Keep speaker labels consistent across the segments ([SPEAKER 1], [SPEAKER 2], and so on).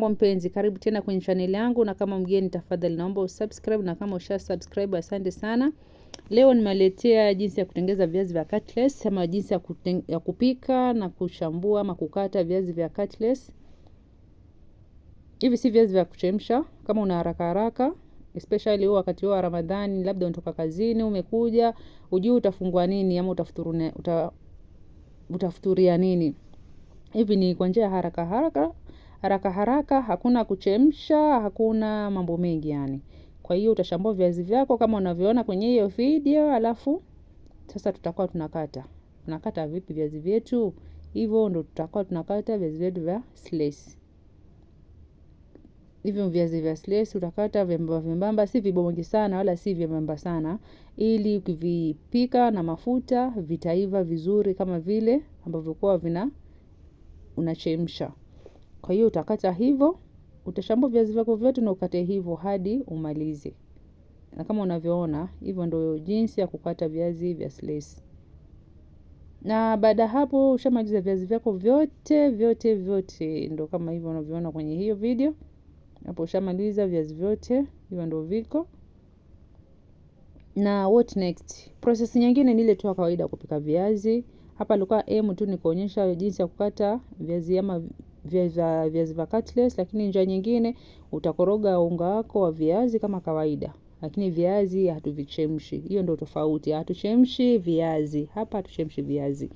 [SPEAKER 1] Hujambo mpenzi, karibu tena kwenye chaneli yangu, na kama mgeni tafadhali naomba usubscribe, na kama usha subscribe asante sana. Leo nimeletea jinsi ya kutengeza viazi vya cutlets ama jinsi ya, kuten, ya kupika na kushambua ama kukata viazi vya cutlets. Hivi si viazi vya kuchemsha kama una haraka haraka, especially huo wakati wa Ramadhani, labda unatoka kazini, umekuja, ujui utafungua nini ama utafuturia uta, utafuturia nini. Hivi ni kwa njia haraka haraka haraka haraka, hakuna kuchemsha, hakuna mambo mengi yani. Kwa hiyo utashambua viazi vyako kama unavyoona kwenye hiyo video, alafu sasa tutakuwa tunakata. Tunakata vipi viazi vyetu? Hivyo ndo tutakuwa tunakata viazi vyetu vya slice. Hivyo viazi vya slice utakata vyembamba vyembamba, si vibonge sana wala si vyembamba sana, ili ukivipika na mafuta vitaiva vizuri kama vile ambavyo kwa vina unachemsha. Kwa hiyo utakata hivyo, utashambua viazi vyako vyote na ukate hivyo hadi umalize. Na kama unavyoona, hivyo ndio jinsi ya kukata viazi vya slice. Na baada hapo ushamaliza viazi vyako vyote vyote vyote, ndio kama hivyo unavyoona kwenye hiyo video. Hapo ushamaliza viazi vyote, hivyo ndio viko. Na what next? Process nyingine ni ile tu kawaida kupika viazi. Hapa nilikuwa aim tu nikuonyesha jinsi ya kukata viazi ama viazi vya cutlets. lakini njia nyingine utakoroga unga wako wa viazi kama kawaida, lakini viazi hatuvichemshi. Hiyo ndio tofauti, hatuchemshi viazi hapa, hatuchemshi viazi.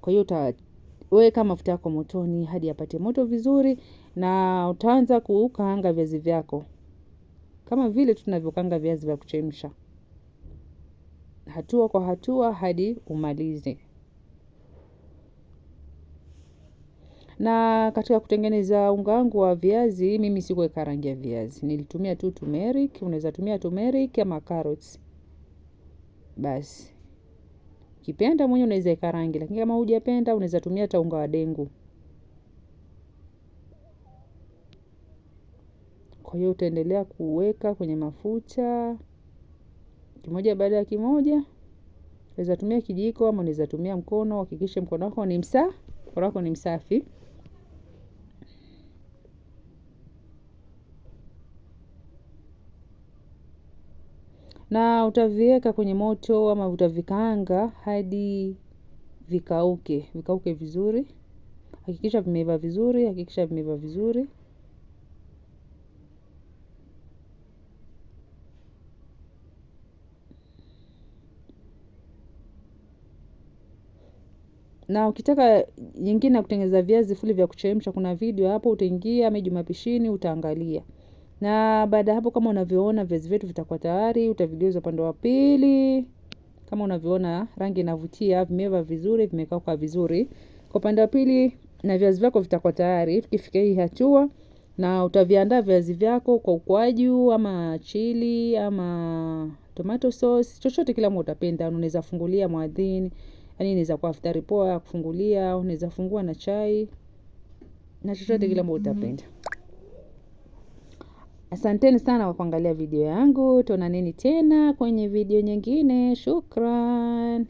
[SPEAKER 1] Kwa hiyo utaweka mafuta yako motoni hadi yapate moto vizuri, na utaanza kukaanga viazi vyako kama vile tunavyokanga viazi vya kuchemsha, hatua kwa hatua hadi umalize. Na katika kutengeneza unga wangu wa viazi, mimi sikuweka rangi ya viazi, nilitumia tu turmeric. Unaweza tumia turmeric ama carrots, basi ukipenda mwenyewe unaweza weka rangi, lakini kama hujapenda unaweza tumia hata unga wa dengu. Kwa hiyo utaendelea kuweka kwenye mafuta kimoja baada ya kimoja. Unaweza tumia kijiko ama unaweza tumia mkono. Hakikisha mkono wako ni msa mkono wako ni msafi. na utaviweka kwenye moto ama utavikaanga hadi vikauke vikauke vizuri hakikisha vimeiva vizuri hakikisha vimeiva vizuri na ukitaka nyingine ya kutengeneza viazi fuli vya kuchemsha kuna video hapo utaingia ama jumapishini utaangalia na baada hapo, kama unavyoona viazi vyetu vitakuwa tayari, utavigeuza upande wa pili. Kama unavyoona rangi inavutia, vimeiva vizuri, vimekauka vizuri. Kwa upande wa pili na viazi vyako vitakuwa tayari tukifika hii hatua, na utaviandaa viazi vyako kwa ukwaju ama chili ama tomato sauce, chochote kile utapenda. Unaweza fungulia mwadhini, yani inaweza kuwa iftari poa kufungulia, unaweza fungua na chai na chochote kile utapenda. Asanteni sana kwa kuangalia video yangu, tuonaneni tena kwenye video nyingine. Shukran.